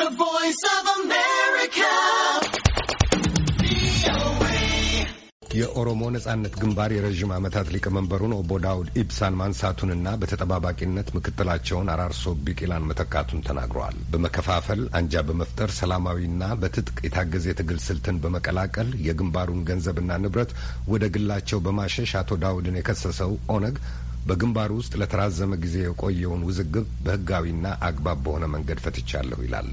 The Voice of America. የኦሮሞ ነጻነት ግንባር የረዥም ዓመታት ሊቀመንበሩን ኦቦ ዳውድ ኢብሳን ማንሳቱንና በተጠባባቂነት ምክትላቸውን አራርሶ ቢቂላን መተካቱን ተናግረዋል። በመከፋፈል አንጃ በመፍጠር ሰላማዊና በትጥቅ የታገዘ የትግል ስልትን በመቀላቀል የግንባሩን ገንዘብና ንብረት ወደ ግላቸው በማሸሽ አቶ ዳውድን የከሰሰው ኦነግ በግንባሩ ውስጥ ለተራዘመ ጊዜ የቆየውን ውዝግብ በህጋዊና አግባብ በሆነ መንገድ ፈትቻለሁ ይላል።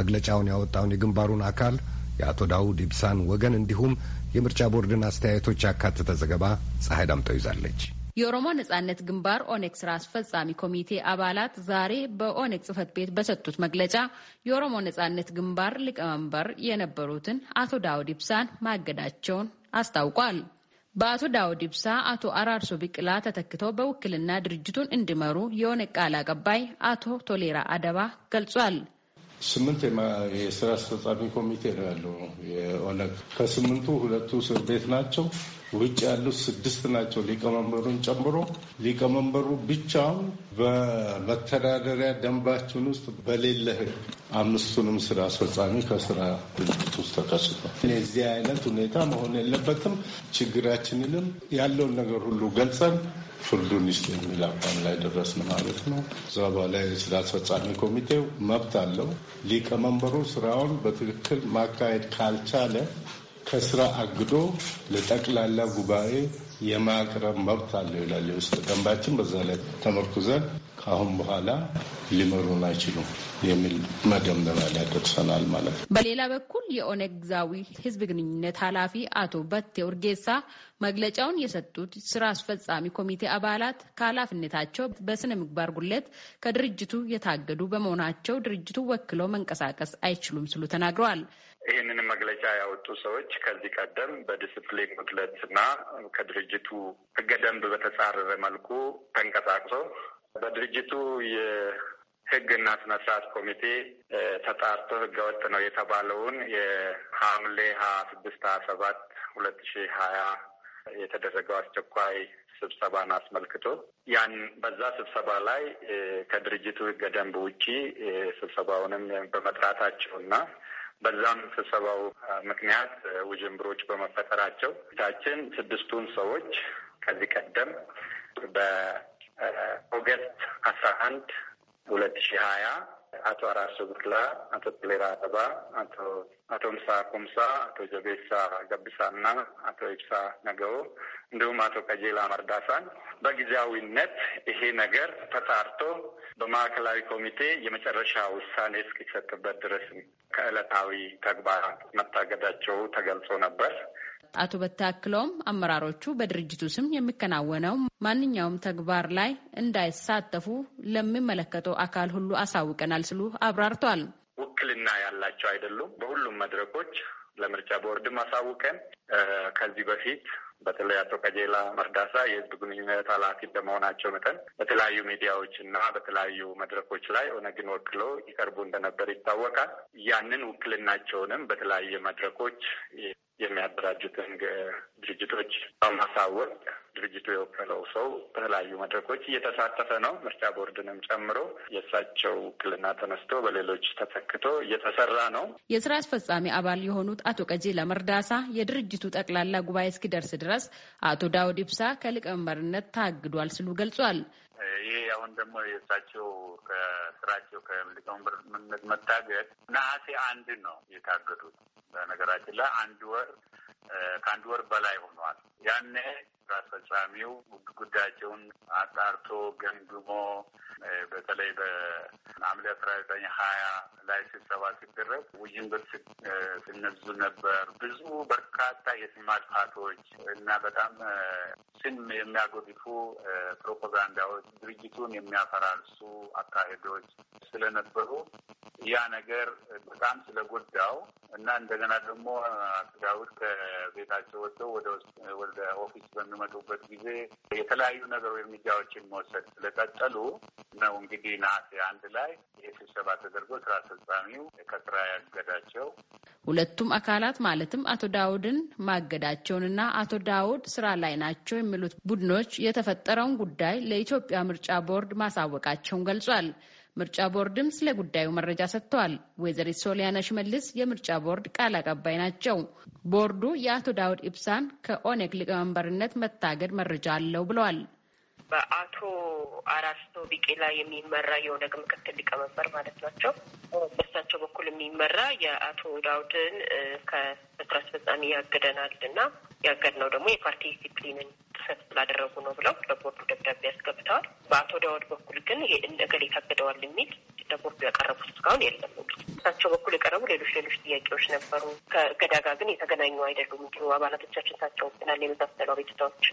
መግለጫውን ያወጣውን የግንባሩን አካል የአቶ ዳውድ ኢብሳን ወገን እንዲሁም የምርጫ ቦርድን አስተያየቶች ያካተተ ዘገባ ፀሐይ ዳምጠው ይዛለች። የኦሮሞ ነጻነት ግንባር ኦነግ ስራ አስፈጻሚ ኮሚቴ አባላት ዛሬ በኦነግ ጽህፈት ቤት በሰጡት መግለጫ የኦሮሞ ነጻነት ግንባር ሊቀመንበር የነበሩትን አቶ ዳውድ ኢብሳን ማገዳቸውን አስታውቋል። በአቶ ዳውድ ኢብሳ አቶ አራርሶ ቢቅላ ተተክተው በውክልና ድርጅቱን እንዲመሩ የኦነግ ቃል አቀባይ አቶ ቶሌራ አደባ ገልጿል። ስምንት የስራ አስፈጻሚ ኮሚቴ ነው ያለው የኦነግ። ከስምንቱ ሁለቱ እስር ቤት ናቸው። ውጭ ያሉት ስድስት ናቸው ሊቀመንበሩን ጨምሮ። ሊቀመንበሩ ብቻውን በመተዳደሪያ ደንባችን ውስጥ በሌለ ሕግ አምስቱንም ስራ አስፈጻሚ ከስራ ድርጅት ውስጥ ተቀስቷል። የዚህ አይነት ሁኔታ መሆን የለበትም። ችግራችንንም ያለውን ነገር ሁሉ ገልጸን ፍርዱን ይስጥ የሚል አቋም ላይ ደረስን ማለት ነው። እዛ በላይ ስራ አስፈጻሚ ኮሚቴው መብት አለው። ሊቀመንበሩ ስራውን በትክክል ማካሄድ ካልቻለ ከስራ አግዶ ለጠቅላላ ጉባኤ የማቅረብ መብት አለው ይላል የውስጥ ደንባችን። በዛ ላይ ተመርኩዘን ከአሁን በኋላ ሊመሩን አይችሉም የሚል መደምደማ ሊያደርሰናል ማለት ነው። በሌላ በኩል የኦነግ ግዛዊ ህዝብ ግንኙነት ኃላፊ አቶ በቴ ኡርጌሳ መግለጫውን የሰጡት ስራ አስፈጻሚ ኮሚቴ አባላት ከኃላፊነታቸው በስነ ምግባር ጉለት ከድርጅቱ የታገዱ በመሆናቸው ድርጅቱ ወክለው መንቀሳቀስ አይችሉም ሲሉ ተናግረዋል። ይህንን መግለጫ ያወጡ ሰዎች ከዚህ ቀደም በዲስፕሊን ጉድለትና ከድርጅ ድርጅቱ ህገ ደንብ በተጻረረ መልኩ ተንቀሳቅሶ በድርጅቱ የህግና ስነ ስርዓት ኮሚቴ ተጣርቶ ህገወጥ ነው የተባለውን የሐምሌ ሀያ ስድስት ሀያ ሰባት ሁለት ሺ ሀያ የተደረገው አስቸኳይ ስብሰባን አስመልክቶ ያን በዛ ስብሰባ ላይ ከድርጅቱ ህገ ደንብ ውጪ ስብሰባውንም በመጥራታቸው እና በዛም ስብሰባው ምክንያት ውዥንብሮች በመፈጠራቸው ታችን ስድስቱን ሰዎች ከዚህ ቀደም በኦገስት አስራ አንድ ሁለት ሺህ ሀያ አቶ አራርሶ ቡርላ፣ አቶ ጥሌራ አበባ፣ አቶ አቶ ምሳ ኩምሳ፣ አቶ ጀቤሳ ገብሳና አቶ ኢብሳ ነገው እንዲሁም አቶ ቀጀላ መርዳሳን በጊዜያዊነት ይሄ ነገር ተጣርቶ በማዕከላዊ ኮሚቴ የመጨረሻ ውሳኔ እስኪሰጥበት ድረስ ከዕለታዊ ተግባራት መታገዳቸው ተገልጾ ነበር። አቶ በታ አክለውም አመራሮቹ በድርጅቱ ስም የሚከናወነው ማንኛውም ተግባር ላይ እንዳይሳተፉ ለሚመለከተው አካል ሁሉ አሳውቀናል ሲሉ አብራርተዋል። ውክልና ያላቸው አይደሉም። በሁሉም መድረኮች ለምርጫ ቦርድም አሳውቀን ከዚህ በፊት በተለይ አቶ ቀጀላ መርዳሳ የህዝብ ግንኙነት ኃላፊ እንደመሆናቸው መጠን በተለያዩ ሚዲያዎች እና በተለያዩ መድረኮች ላይ ኦነግን ወክለው ይቀርቡ እንደነበር ይታወቃል። ያንን ውክልናቸውንም በተለያየ መድረኮች የሚያደራጁትን ድርጅቶች በማሳወቅ ድርጅቱ የወከለው ሰው በተለያዩ መድረኮች እየተሳተፈ ነው። ምርጫ ቦርድንም ጨምሮ የእሳቸው ውክልና ተነስቶ በሌሎች ተተክቶ እየተሰራ ነው። የስራ አስፈጻሚ አባል የሆኑት አቶ ቀጄ ለመርዳሳ የድርጅቱ ጠቅላላ ጉባኤ እስኪደርስ ድረስ አቶ ዳውድ ኢብሳ ከሊቀመንበርነት ታግዷል ስሉ ገልጿል። ይሄ አሁን ደግሞ የእሳቸው ከስራቸው ከሊቀመንበርነት መታገድ ነሐሴ አንድ ነው የታገዱት በነገራችን ላይ አንድ ወር ከአንድ ወር በላይ ሆኗል። ያኔ ስራ አስፈጻሚው ጉዳያቸውን አጣርቶ ገምግሞ በተለይ በሐምሌ አስራ ዘጠኝ ሀያ ላይ ስብሰባ ሲደረግ ውይንብር ሲነዙ ነበር። ብዙ በርካታ የስማት ፓቶች እና በጣም ስም የሚያጎድፉ ፕሮፓጋንዳዎች ድርጅቱን የሚያፈራርሱ አካሄዶች ስለነበሩ ያ ነገር በጣም ስለጎዳው እና እንደገና ደግሞ አቶ ዳዊት ከቤታቸው ወጥተው ወደ ወደ ኦፊስ በሚመጡበት ጊዜ የተለያዩ ነገሮች እርምጃዎችን መውሰድ ስለቀጠሉ ነው እንግዲህ ነሐሴ አንድ ላይ ይህ ስብሰባ ተደርጎ ስራ አስፈጻሚው ከስራ ያገዳቸው ሁለቱም አካላት ማለትም አቶ ዳውድን ማገዳቸውን እና አቶ ዳውድ ስራ ላይ ናቸው የሚሉት ቡድኖች የተፈጠረውን ጉዳይ ለኢትዮጵያ ምርጫ ቦርድ ማሳወቃቸውን ገልጿል። ምርጫ ቦርድም ስለ ጉዳዩ መረጃ ሰጥተዋል። ወይዘሪት ሶሊያና ሽመልስ የምርጫ ቦርድ ቃል አቀባይ ናቸው። ቦርዱ የአቶ ዳውድ ኢብሳን ከኦነግ ሊቀመንበርነት መታገድ መረጃ አለው ብለዋል። በአቶ አራስቶ ቢቄላ የሚመራ የኦነግ ምክትል ሊቀመንበር ማለት ናቸው። በሳቸው በኩል የሚመራ የአቶ ዳውድን ከስራ አስፈጻሚ ያገደናል እና ያገድነው ደግሞ የፓርቲ ዲሲፕሊንን ጥሰት ስላደረጉ ነው ብለው ለቦርዱ ደብዳቤ ያስገብተዋል። በአቶ ዳውድ በኩል ግን ይሄን እገሌ ታገደዋል የሚል ለቦርዱ ያቀረቡት እስካሁን የለም። እሳቸው በኩል የቀረቡ ሌሎች ሌሎች ጥያቄዎች ነበሩ። ከእገዳ ጋር ግን የተገናኙ አይደሉም። እንዲሁ አባላቶቻችን ታስረውብናል የመሳሰሉ አቤቱታዎች፣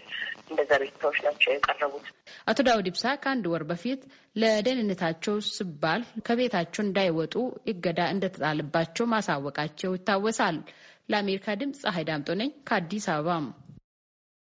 እንደዛ አቤቱታዎች ናቸው የቀረቡት። አቶ ዳውድ ኢብሳ ከአንድ ወር በፊት ለደህንነታቸው ስባል ከቤታቸው እንዳይወጡ እገዳ እንደተጣለባቸው ማሳወቃቸው ይታወሳል። ለአሜሪካ ድምፅ ፀሐይ ዳምጦ ነኝ ከአዲስ አበባ።